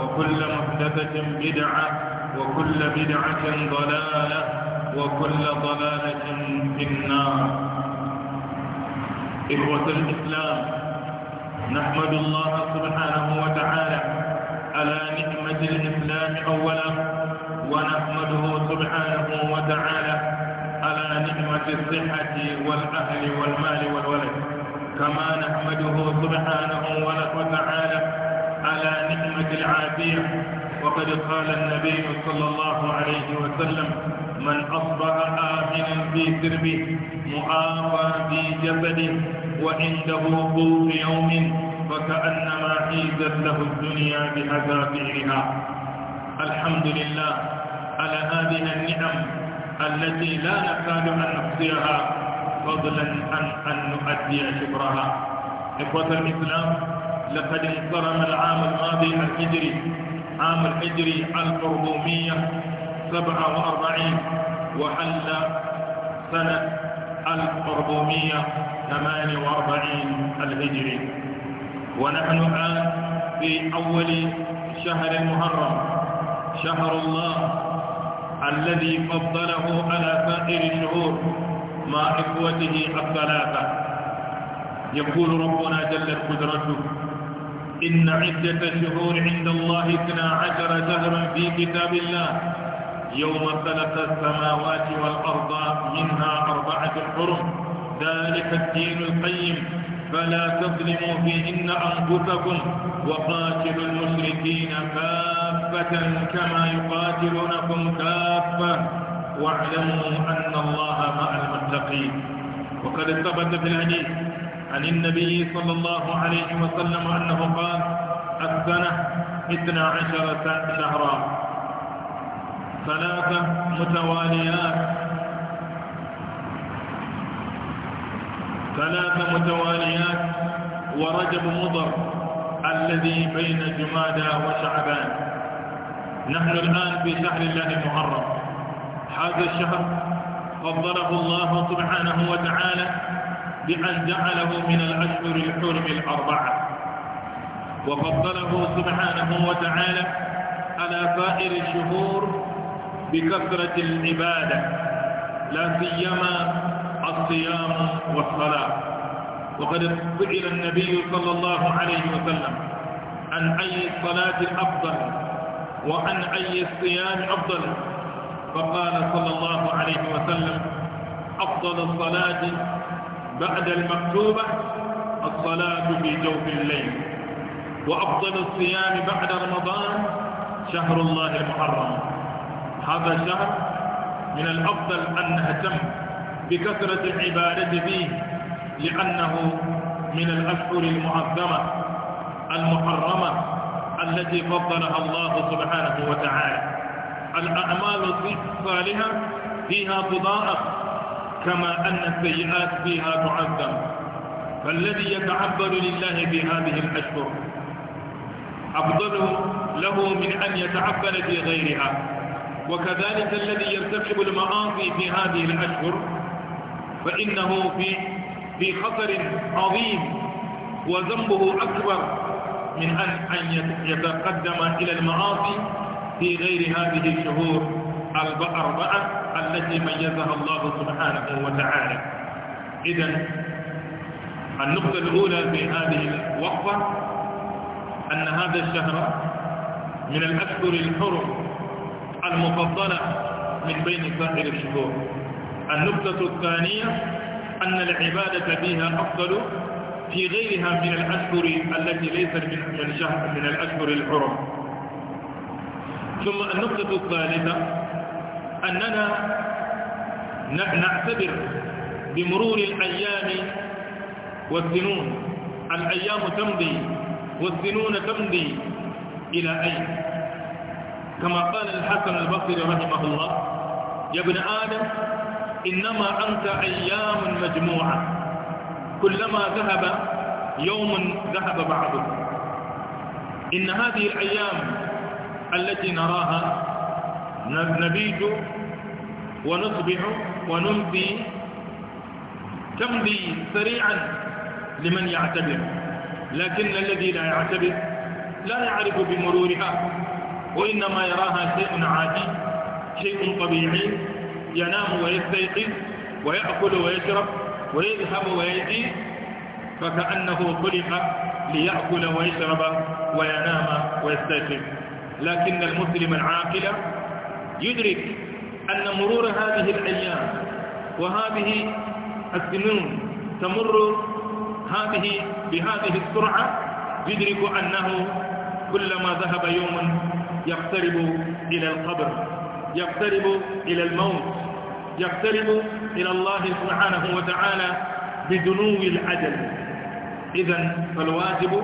وكل محدثة بدعة وكل بدعة ضلالة وكل ضلالة في النار إخوة الإسلام نحمد الله سبحانه وتعالى على نعمة الإسلام أولا ونحمده سبحانه وتعالى على نعمة الصحة والأهل والمال والولد كما نحمده سبحانه وتعالى العافية وقد قال النبي صلى الله عليه وسلم من أصبح آمنا في سربه معافى في جسده وعنده قوت يوم فكأنما حيزت له الدنيا بأذافيرها الحمد لله على هذه النعم التي لا نكاد أن نحصيها فضلا عن أن نؤدي شكرها إخوة الإسلام لقد انصرم العام الماضي الهجري عام الهجري 1447 وحل سنة 1448 الهجري ونحن الآن في أول شهر المحرم شهر الله الذي فضله على سائر الشهور مع إخوته الثلاثة يقول ربنا جل قدرته إن عدة شهور عند الله اثنا عشر شهرا في كتاب الله يوم خلق السماوات والأرض منها أربعة حرم ذلك الدين القيم فلا تظلموا فيهن أنفسكم وقاتلوا المشركين كافة كما يقاتلونكم كافة واعلموا أن الله مع المتقين وقد ثبت في الحديث عن النبي صلى الله عليه وسلم أنه قال السنة اثنى عشر شهرا ثلاثة متواليات ثلاث متواليات ورجب مضر الذي بين جمادى وشعبان نحن الآن في شهر الله المحرم هذا الشهر فضله الله سبحانه وتعالى بأن جعله من الأشهر الحرم الأربعة وفضله سبحانه وتعالى على سائر الشهور بكثرة العبادة لا سيما الصيام والصلاة وقد سئل النبي صلى الله عليه وسلم عن أي الصلاة أفضل وعن أي الصيام أفضل فقال صلى الله عليه وسلم أفضل الصلاة بعد المكتوبة الصلاة في جوف الليل وأفضل الصيام بعد رمضان شهر الله المحرم هذا الشهر من الأفضل أن نهتم بكثرة العبادة فيه لأنه من الأشهر المعظمة المحرمة التي فضلها الله سبحانه وتعالى الأعمال الصالحة فيها تضاءف كما أن السيئات فيها تعذب فالذي يتعبد لله في هذه الأشهر أفضل له من أن يتعبد في غيرها وكذلك الذي يرتكب المعاصي في هذه الأشهر فإنه في في خطر عظيم وذنبه أكبر من أن أن يتقدم إلى المعاصي في غير هذه الشهور الأربعة التي ميزها الله سبحانه وتعالى إذا النقطة الأولى في هذه الوقفة أن هذا الشهر من الأشهر الحرم المفضلة من بين سائر الشهور النقطة الثانية أن العبادة فيها أفضل في غيرها من الأشهر التي ليست من الشهر من الأشهر الحرم ثم النقطة الثالثة أننا نعتبر بمرور الأيام والسنون الأيام تمضي والسنون تمضي إلى أين كما قال الحسن البصري رحمه الله يا ابن آدم إنما أنت أيام مجموعة كلما ذهب يوم ذهب بعضه إن هذه الأيام التي نراها نبيت ونصبح ونمضي تمضي سريعا لمن يعتبر لكن الذي لا يعتبر لا يعرف بمرورها وإنما يراها شيء عادي شيء طبيعي ينام ويستيقظ ويأكل ويشرب ويذهب ويأتي فكأنه خلق ليأكل ويشرب وينام ويستيقظ لكن المسلم العاقل يدرك أن مرور هذه الأيام وهذه السنون تمر هذه بهذه السرعة يدرك أنه كلما ذهب يوم يقترب إلى القبر يقترب إلى الموت يقترب إلى الله سبحانه وتعالى بدنو العجل إذا فالواجب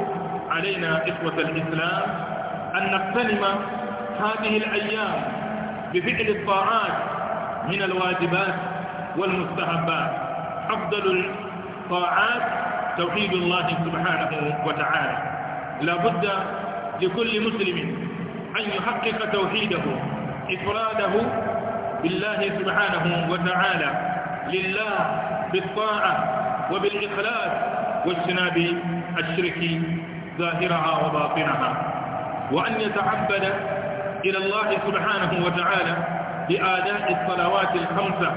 علينا إخوة الإسلام أن نقتنم هذه الأيام بفعل الطاعات من الواجبات والمستحبات أفضل الطاعات توحيد الله سبحانه وتعالى لا بد لكل مسلم أن يحقق توحيده إفراده بالله سبحانه وتعالى لله بالطاعة وبالإخلاص واجتناب الشرك ظاهرها وباطنها وأن يتعبد إلى الله سبحانه وتعالى بآداء الصلوات الخمسة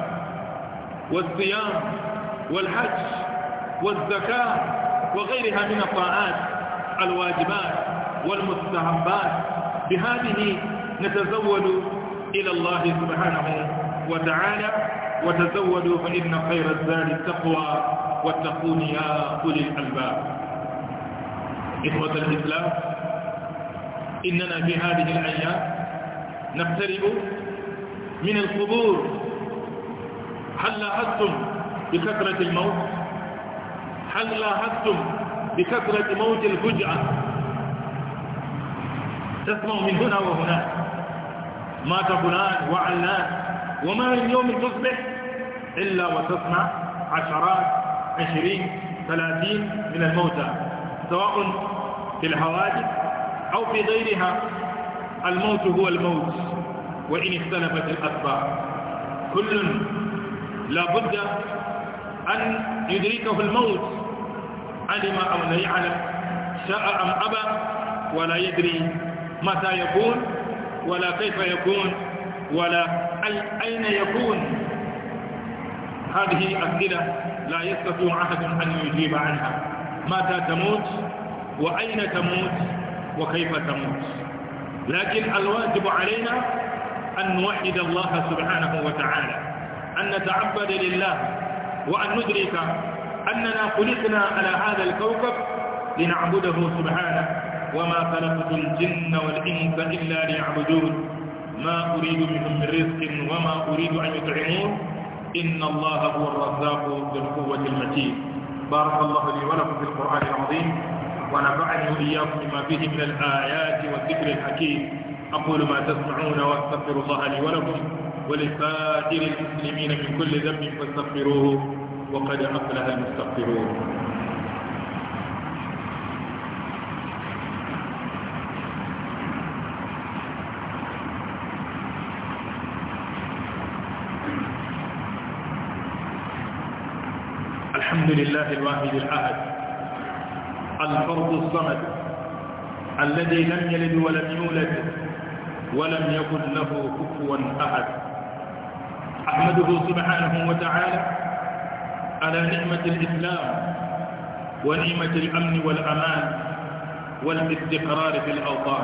والصيام والحج والزكاة وغيرها من الطاعات الواجبات والمستحبات بهذه نتزود إلى الله سبحانه وتعالى وتزودوا فإن خير الزاد التقوى واتقون يا أولي الألباب إخوة الإسلام إننا في هذه الأيام نقترب من القبور هل لاحظتم بكثرة الموت هل لاحظتم بكثرة موت الفجعة تسمع من هنا وهناك مات فلان وعلان وما من يوم تصبح إلا وتسمع عشرات عشرين ثلاثين من الموتى سواء في الحوادث أو في غيرها الموت هو الموت وإن اختلفت الأسباب كل لا بد أن يدركه الموت علم أو لا يعلم شاء أم أبى ولا يدري متى يكون ولا كيف يكون ولا أين يكون هذه أسئلة لا يستطيع أحد أن يجيب عنها متى تموت وأين تموت وكيف تموت لكن الواجب علينا أن نوحد الله سبحانه وتعالى أن نتعبد لله وأن ندرك أننا خلقنا على هذا الكوكب لنعبده سبحانه وما خلقت الجن والإنس إلا ليعبدون ما أريد منهم من رزق وما أريد أن يطعمون إن الله هو الرزاق ذو القوة المتين بارك الله لي ولكم في القرآن العظيم ونفعني وإياكم بما فيه من الآيات والذكر الحكيم أقول ما تسمعون وأستغفر الله لي ولكم ولسائر المسلمين من كل ذنب فاستغفروه وقد أفلح المستغفرون الحمد لله الواحد الأحد الفرد الصمد الذي لم يلد ولم يولد ولم يكن له كفوا أحد أحمده سبحانه وتعالى على نعمة الإسلام ونعمة الأمن والأمان والاستقرار في الأوطان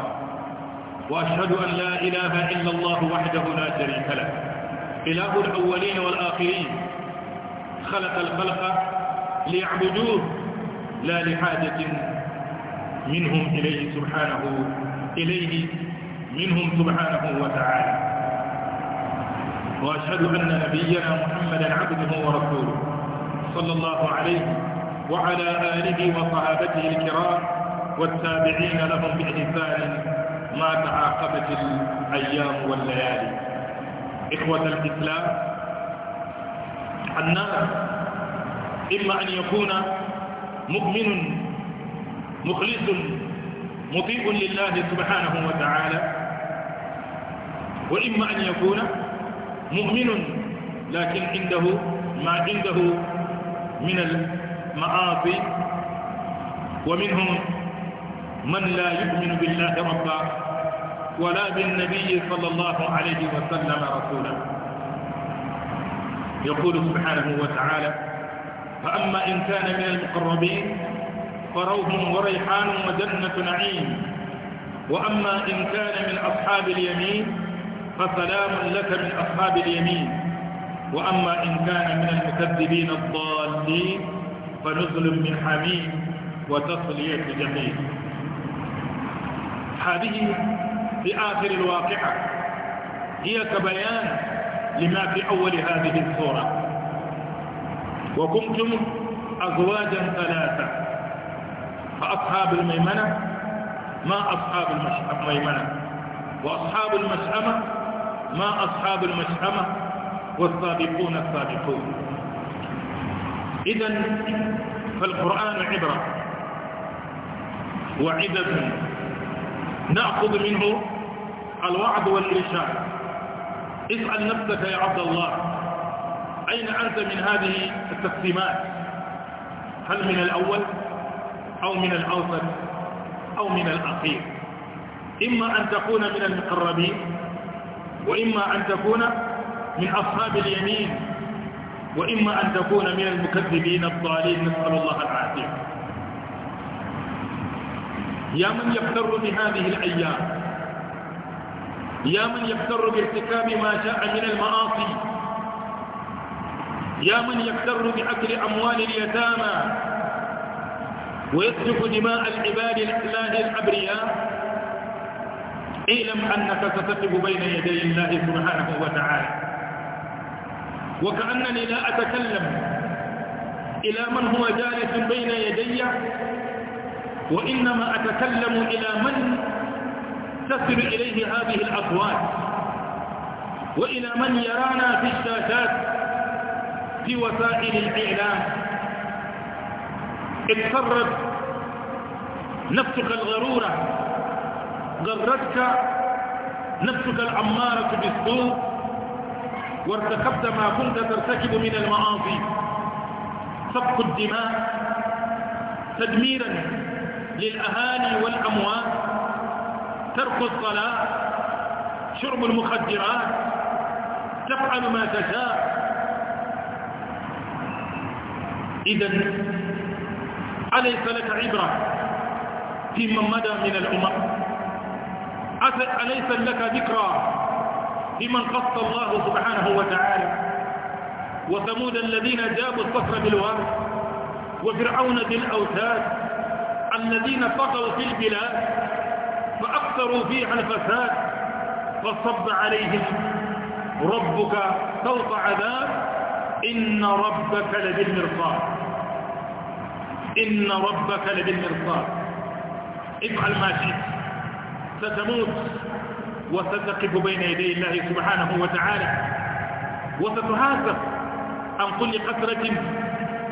وأشهد أن لا إله إلا الله وحده لا شريك له إله الأولين والآخرين خلق الخلق ليعبدوه لا لحاجة منهم إليه سبحانه إليه منهم سبحانه وتعالى وأشهد أن نبينا محمدا عبده ورسوله صلى الله عليه وعلى آله وصحابته الكرام والتابعين لهم بإحسان ما تعاقبت الأيام والليالي إخوة الإسلام الناس إما أن يكون مؤمن مخلص مطيع لله سبحانه وتعالى وإما أن يكون مؤمن لكن عنده ما عنده من المعاصي ومنهم من لا يؤمن بالله ربا ولا بالنبي صلى الله عليه وسلم رسولا يقول سبحانه وتعالى فأما إن كان من المقربين فروح وريحان وجنة نعيم وأما إن كان من أصحاب اليمين فسلام لك من أصحاب اليمين وأما إن كان من المكذبين الضالين فنزل من حميم وتصلية جميل هذه في آخر الواقعة هي كبيان لما في أول هذه الصورة وكنتم أزواجا ثلاثة فأصحاب الميمنة ما أصحاب الميمنة وأصحاب المشأمة ما أصحاب المشأمة والسابقون السابقون إذا فالقرآن عبرة وعدة نأخذ منه الوعد والإرشاد اسأل نفسك يا عبد الله أين أنت من هذه التقسيمات هل من الأول أو من الأوسط أو من الأخير إما أن تكون من المقربين وإما أن تكون من أصحاب اليمين وإما أن تكون من المكذبين الضالين نسأل الله العافية يا من يغتر بهذه الأيام يا من يغتر بارتكاب ما جاء من المعاصي يا من يغتر بأكل أموال اليتامى ويسفك دماء العباد الله الأبرياء اعلم أنك ستقف بين يدي الله سبحانه وتعالى وكأنني لا أتكلم إلى من هو جالس بين يدي وإنما أتكلم إلى من تصل إليه هذه الأصوات وإلى من يرانا في الشاشات في وسائل الإعلام اضطرت نفسك الغرورة غرتك نفسك الأمارة بالسوء وارتكبت ما كنت ترتكب من المعاصي سفك الدماء تدميرا للأهالي والأموات ترك الصلاة شرب المخدرات تفعل ما تشاء إذا أليس لك عبرة في من مدى من الأمم أليس لك ذكرى في من قص الله سبحانه وتعالى وثمود الذين جابوا الصخر بالواد وفرعون ذي الأوتاد الذين طغوا في البلاد فأكثروا فيها الفساد فصب عليهم ربك سوط عذاب إن ربك لبالمرصاد إن ربك لبالمرصاد افعل ما شئت ستموت وستقف بين يدي الله سبحانه وتعالى وستحاسب عن كل قطرة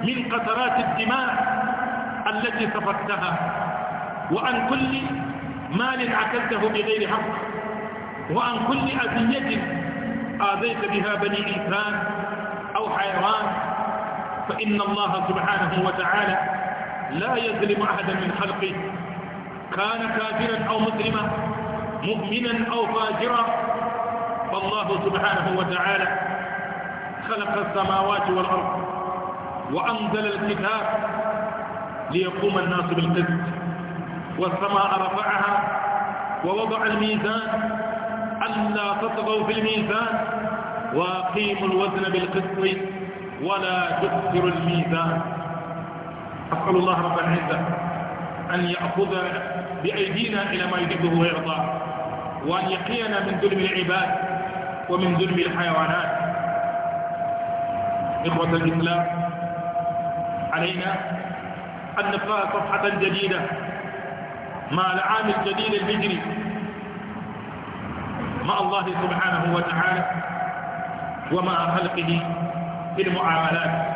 من قطرات الدماء التي سفكتها وعن كل مال عكلته بغير حق وعن كل أذية آذيت بها بني إنسان أو حيوان فإن الله سبحانه وتعالى لا يظلم أحدا من خلقه كان كافرا أو مسلما مؤمنا أو فاجرا فالله سبحانه وتعالى خلق السماوات والأرض وأنزل الكتاب ليقوم الناس بالقسط والسماء رفعها ووضع الميزان ألا تطغوا في الميزان وأقيموا الوزن بالقسط ولا تكثروا الميزان أسأل الله رب العزة أن يأخذ بأيدينا إلى ما يحبه ويرضاه وأن يقينا من ظلم العباد ومن ظلم الحيوانات إخوة الإسلام علينا أن نقرأ صفحة جديدة مع العام الجديد الهجري مع الله سبحانه وتعالى ومع خلقه في المعاملات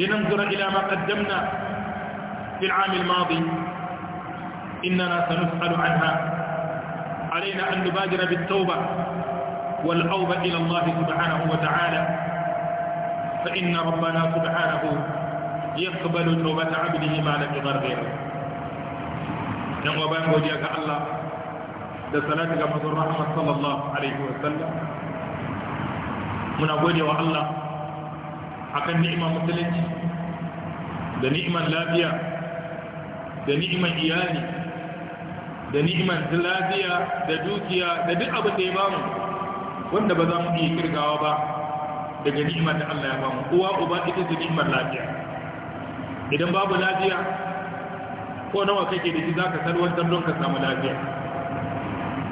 لننظر إلى ما قدمنا في العام الماضي إننا سنسأل عنها علينا أن نبادر بالتوبة والأوبة إلى الله سبحانه وتعالى فإن ربنا سبحانه يقبل توبة عبده ما لم يغر غيره نعوبان وجهك الله لسلاتك فضل رحمة صلى الله عليه وسلم من أبوه الله akan ni'imar musulunci da ni'iman lafiya da ni'iman iyali da ni'iman lafiya da dukiya da duk abin da ya bamu wanda ba za mu iya kirgawa ba daga ni'imar da Allah ya bamu uwa uba ita ce ni'imar lafiya idan babu lafiya ko nawa kake da shi zaka salwantar don ka samu lafiya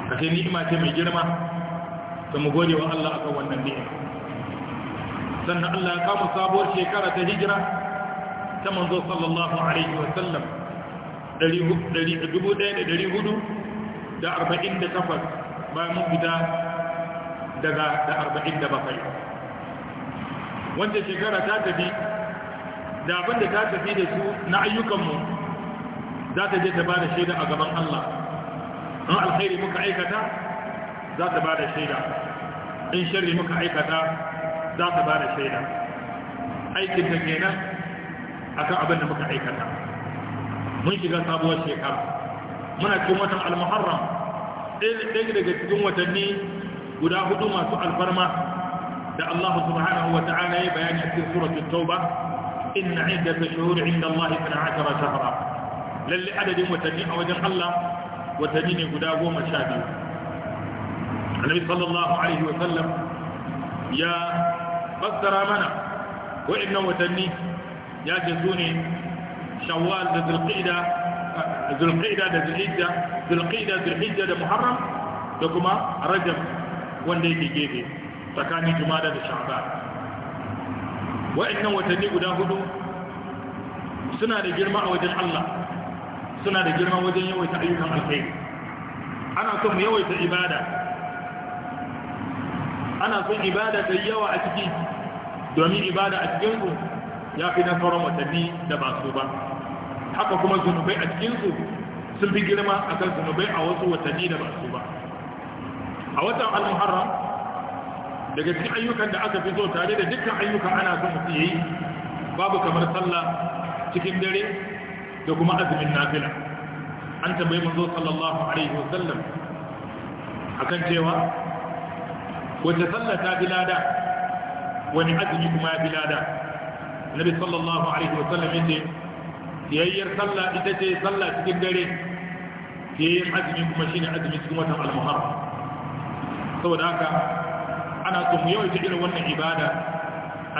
kashe ni'ima ce mai girma to mu gode wa Allah akan wannan ni'ima sannan Allah ya kama sabuwar shekara ta hijira ta manzo sallallahu alaihi wa sallam 1448 bayan mun fita daga da 47 wanda shekara ta tafi da abin da ta tafi da su na ayyukanmu za ta je ta ba da shaida a gaban Allah in alkhairi muka aikata za ta ba da shaida in sharri muka aikata za ka ba da shaida aikin ka kenan akan abin da muka aikata mun shiga sabuwar shekara muna cikin watan al-muharram ɗaya daga cikin watanni guda hudu masu alfarma da Allah subhanahu wa ta'ala ya bayani a cikin suratul tauba inna iddatash shuhur inda Allah 12 shahra lalle adadin watanni a wajen Allah watanni ne guda goma sha biyu annabi sallallahu alaihi wa sallam ya مصدر امنه وعدنا وتني يا جزوني شوال ذو القعده ذو القعده ذو الحجه ذو القعده ذو الحجه ذو محرم دوكما رجب وندي جيبي تكاني جمادى ذو شعبان وعدنا وتني غدا هدو سنا دي جرما وجه الله سنا دي جرما وجه يوم تعيين الخير انا كم يوم عباده ana son ibada ta yawa a ciki domin ibada a cikin su ya fi na sauran watanni da ba su ba haka kuma zunubai a cikin su sun fi girma akan zunubai a wasu watanni da ba su ba a watan al-muharram daga cikin ayyukan da aka fi so tare da dukkan ayyuka ana son su yi babu kamar sallah cikin dare da kuma azumin nafila an tambayi manzo sallallahu alaihi wasallam akan cewa wanda sallah ta bi lada wani azumi kuma ya bi lada nabi sallallahu alaihi wa sallam yace siyayyar sallah ita ce sallah cikin dare siyayyar azumi kuma shine azumi cikin watan al-muharram saboda haka ana so mu yawaita irin wannan ibada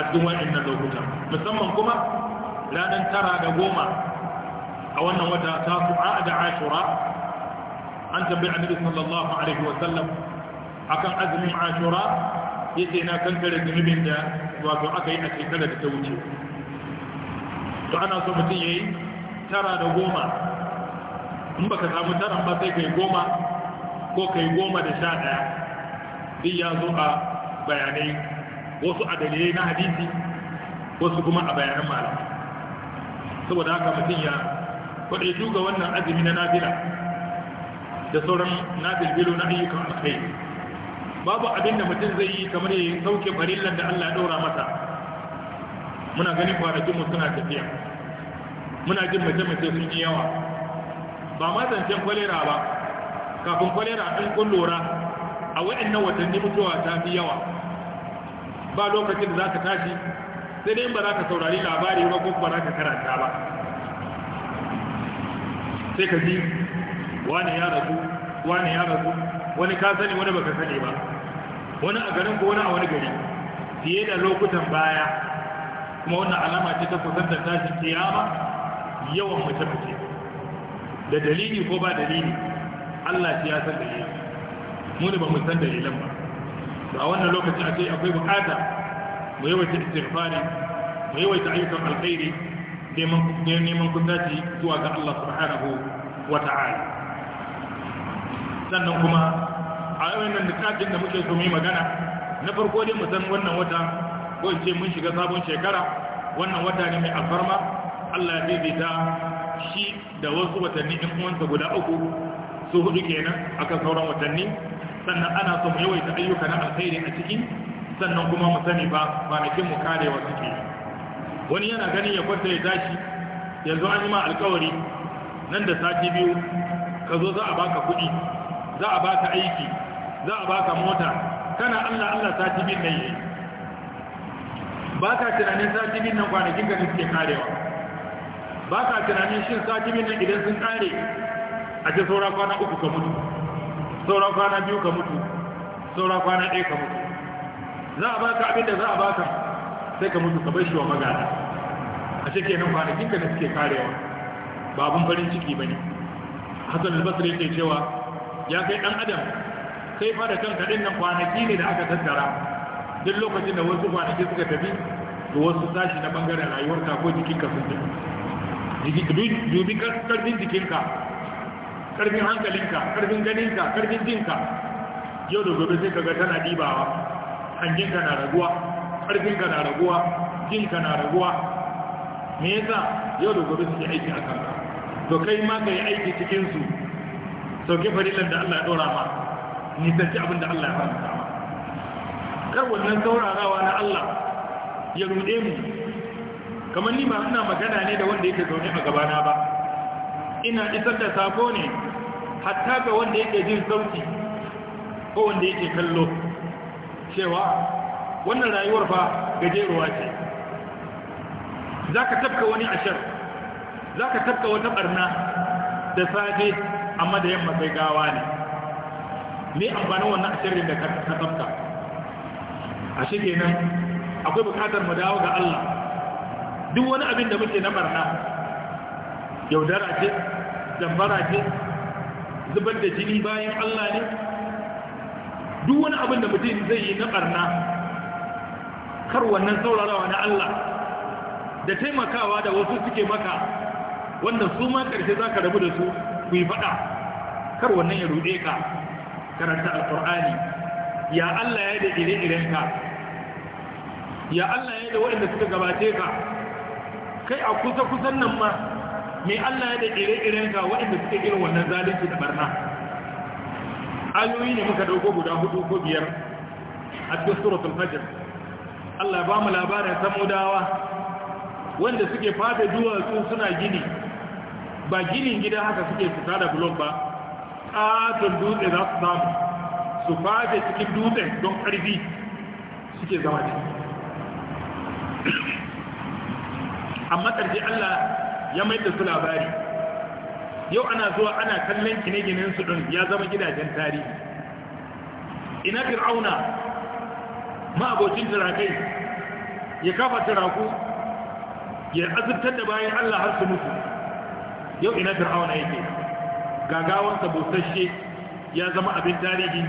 a cikin wa'annan lokuta musamman kuma ranar tara da goma a wannan wata ta su'a da ashura an tambayi annabi sallallahu alaihi wa sallam akan azumin ashura yace na kankare zunubin da wato aka yi a shekarar da ta wuce to ana so mutum ya yi tara da goma in baka samu taran ba sai kai goma ko kai goma da sha daya duk ya zo a bayanai wasu a dalilai na hadisi wasu kuma a bayanan malam. saboda haka mutum ya kwadaitu ga wannan azumi na nafila da sauran bilo na ayyukan alkhairi babu abin da mutum zai yi kamar yayin sauke farillan da Allah ya ɗora masa muna ganin kwanakin mu suna tafiya muna jin mace-mace sun yi yawa ba ma zancen kwalera ba kafin kwalera ɗin kun lura a waɗannan watanni mutuwa ta fi yawa ba lokacin da za ka tashi sai dai ba za ka saurari labari ba ko ba za ka karanta ba sai ka ji wane ya rasu wane ya rasu wani ka sani wani baka sani ba wani a garin ko wani a wani gari fiye da lokutan baya kuma wannan alama ce ta kusan da tashin kiyama yawan mace mace da dalili ko ba dalili Allah ya san dalili mu ne ba mu san dalilan ba a wannan lokacin a ce akwai bukata mu yawaita istighfari mu yawaita ayyukan alkhairi neman kusaci zuwa ga Allah subhanahu wa ta'ala sannan kuma a wannan nan da muke so mu magana na farko dai mu wannan wata ko in ce mun shiga sabon shekara wannan wata ne mai alfarma Allah ya daidaita shi da wasu watanni in uwansa guda uku su hudu kenan aka sauran watanni sannan ana son yawaita ayyuka na alkhairi a ciki sannan kuma mu sani ba kwanakin mu karewa suke wani yana ganin ya kwanta ya tashi yanzu an yi ma alkawari nan da sati biyu ka zo za a baka kuɗi za a baka aiki za a baka mota kana Allah Allah sati bin nan yayi baka tunanin sati bin nan kwanakin ka suke karewa baka tunanin shin sati bin nan idan sun kare a ce saura kwana uku ka mutu saura kwana biyu ka mutu saura kwana ɗaya ka mutu za a baka abin da za a baka sai ka mutu ka bar shi wa magana a ce kenan kwanakin ka da suke karewa ba abun farin ciki ba ne hasan albasir yake cewa ya kai dan adam sai fa da kanka din nan kwanaki ne da aka tattara duk lokacin da wasu kwanaki suka tafi to wasu sashi na bangaren ka ko jikinka sun tafi dubi karfin jikinka karfin hankalinka karfin ganinka karfin jinka yau da gobe sai kaga tana dibawa hanjinka na raguwa ƙarfinka na raguwa jinka na raguwa me yasa yau da gobe suke aiki a kanka to kai ma ka yi aiki cikinsu sauke farilan da Allah ya dora ma nisanci abin da Allah ya kar wannan saurarawa na Allah ya rude mu kamar ni ba ina magana ne da wanda yake zaune a gabana ba ina isar da sako ne hatta ga wanda yake jin sauti ko wanda yake kallo cewa wannan rayuwar fa gajeruwa ce za ka tafka wani ashar za ka tafka wata ɓarna da safe amma da yamma sai gawa ne me amfanin wannan asirin da ka tsafta a shi kenan akwai bukatar mu dawo ga Allah duk wani abin da muke na barna yaudara ce zambara ce zubar da jini bayan Allah ne duk wani abin da mutum zai yi na barna kar wannan saurarawa na Allah da taimakawa da wasu suke maka wanda su ma ƙarshe za ka rabu da su ku yi faɗa kar wannan ya ruɗe ka karanta alƙur'ani ya Allah ya da ire-iren ka ya Allah ya da waɗanda suka gabace ka kai a kusa-kusan nan ma mai Allah ya da ire-iren ka waɗanda suka irin wannan zalunci da barna ayoyi ne muka dauko guda hudu ko biyar a cikin suratul fajr Allah ba mu labarin samudawa wanda suke fata duwatsu suna gini ba ginin gida haka suke fita da blok ba ƙaton dutse za su samu su fata cikin dutse don ƙarfi suke zama ciki amma ƙarshe Allah ya mai da su labari yau ana zuwa ana kallon gine-ginen su ɗin ya zama gidajen tarihi ina fir'auna ma'abocin jirakai ya kafa turaku ya azurtar da bayan Allah har su mutu yau ina fir'auna yake gagawansa busasshe ya zama abin tarihi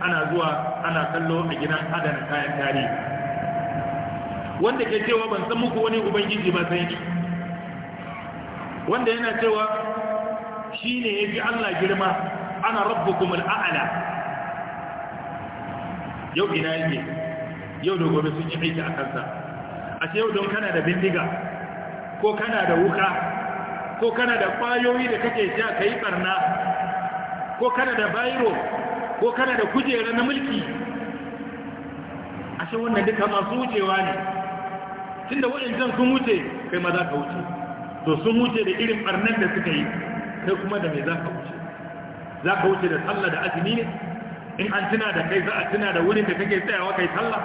ana zuwa ana kallo a gidan adana kayan tarihi wanda ke cewa ban san muku wani ubangiji ba sai ni wanda yana cewa shi ne ya Allah girma ana rabbukum a'la yau ina yake yau da gobe sun yi aiki a kansa a yau don kana da bindiga ko kana da wuka ko kana da ƙwayoyi da kake ja ka yi barna ko kana da bayro ko kana da kujera na mulki ashe wannan duka masu wucewa ne da waɗancan sun wuce kai ma za ka wuce to sun wuce da irin barnan da suka yi kai kuma da mai za ka wuce za ka wuce da sallah da azumi ne in an tuna da kai za a tuna da wurin da kake tsayawa kai sallah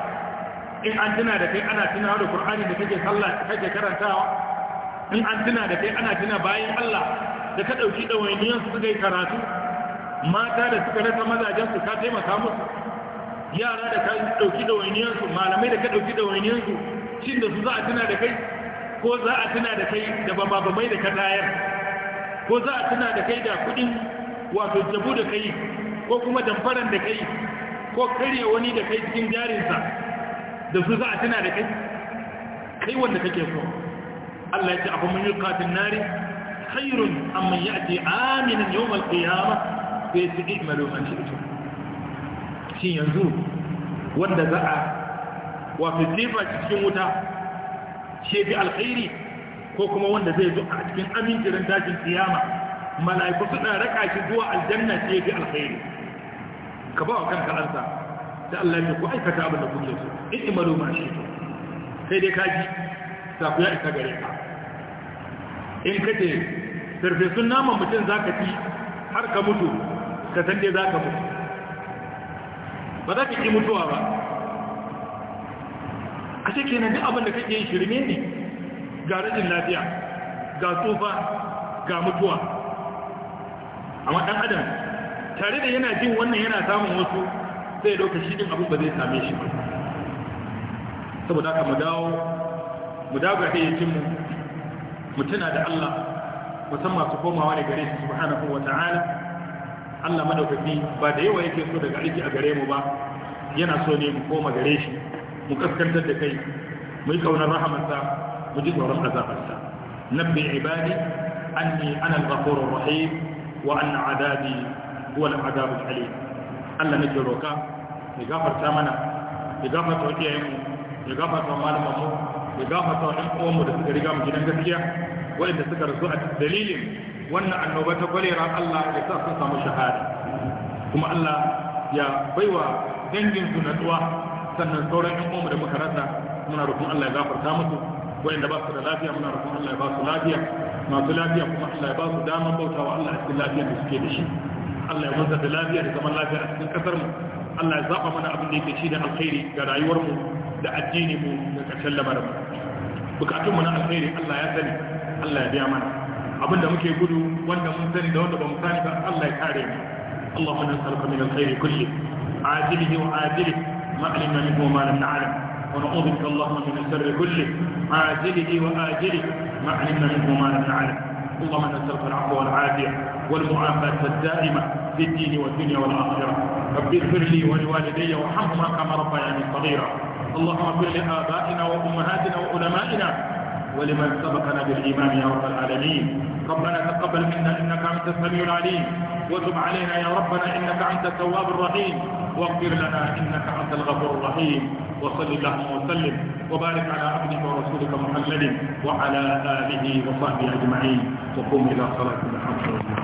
in an tuna da kai ana tunawa da qur'ani da kake sallah kake karantawa in an tuna da kai ana tuna bayan Allah da ka ɗauki ɗawainiyar su suka yi karatu mata da suka rasa mazajen su ka taimaka musu yara da ka ɗauki ɗawainiyar su malamai da ka ɗauki ɗawainiyar su shin da su za a tuna da kai ko za a tuna da kai da bababamai da ka tayar ko za a tuna da kai da kuɗin wato jabu da kai ko kuma damfaran da kai ko karya wani da kai cikin jarinsa da su za a tuna da kai kai wanda kake so Allah ya ce abu man yulqa bin nari khairun amma ya'ti aminan yawm al-qiyama fa yasmalu man shi'tu shin yanzu wanda za a wato jefa cikin wuta shi shefi alkhairi ko kuma wanda zai zo a cikin amincirin tashin kiyama mala'iku suna raka shi zuwa aljanna shi shefi alkhairi ka ba wa kanka ansa da Allah ya ku aikata abin da kuke so in imaru ma shi sai dai kaji za ku ya isa gare ka in ka ce farfesun naman mutum za ka ci har ka mutu ka san dai za ka mutu ba za ka ƙi mutuwa ba a ce kenan duk abin da kake yi shirme ne ga rajin lafiya ga tsufa ga mutuwa amma ɗan adam tare da yana jin wannan yana samun wasu sai lokaci shi ɗin abin ba zai same shi ba saboda haka mu dawo mu dawo ga mu mutuna da Allah musan masu komawa ne gare shi subhanahu wa ta'ala Allah madaukaki ba da yawa yake so daga aiki a gare mu ba yana so ne mu koma gare shi mu kaskantar da kai mu yi kaunar rahamarsa mu ji tsoron azabarsa nabbi ibadi anni ana al-ghafurur rahim wa anna adabi huwa al-adab al-alim Allah nake roka ya gafarta mana ya gafarta wa iyayenmu ya gafarta malamanmu ya gafarta wa ɗan uwanmu da suka riga mu gidan gaskiya wanda suka rasu a dalilin wannan annoba ta kwalera Allah ya sa sun samu shahada kuma Allah ya baiwa dangin su natsuwa sannan sauran ɗan uwanmu da muka rasa muna roƙon Allah ya gafarta musu wanda ba su da lafiya muna roƙon Allah ya ba su lafiya masu lafiya kuma Allah ya ba su damar bautawa Allah a cikin lafiyar da suke da shi Allah ya wanzar da lafiya da zaman lafiya a cikin kasar mu Allah ya zaba mana abin da yake shi da alkhairi ga rayuwarmu. da addini mu da ƙarshen labarin bukatun mu na alheri Allah ya sani Allah ya biya mana abinda muke gudu wanda mun sani da wanda ba mu sani ba Allah ya kare mu Allahumma nas'aluka min alkhairi kulli من wa كله ma alimna minhu ma lam na'lam wa na'udhu bika Allahumma min من kulli كله wa وآجله ma alimna minhu ma lam na'lam اللهم نسألك العفو والعافية والمعافاة الدائمة في الدين والدنيا والآخرة رب اغفر لي ولوالدي وارحمهما كما ربياني صغيرا اللهم اغفر لآبائنا وأمهاتنا وعلمائنا ولمن سبقنا بالإيمان يا رب العالمين ربنا تقبل منا إنك أنت السميع العليم وتب علينا يا ربنا إنك أنت التواب الرحيم واغفر لنا إنك أنت الغفور الرحيم وصل اللهم وسلم وبارك على عبدك ورسولك محمد وعلى آله وصحبه أجمعين وقوم إلى صلاة الحمد لله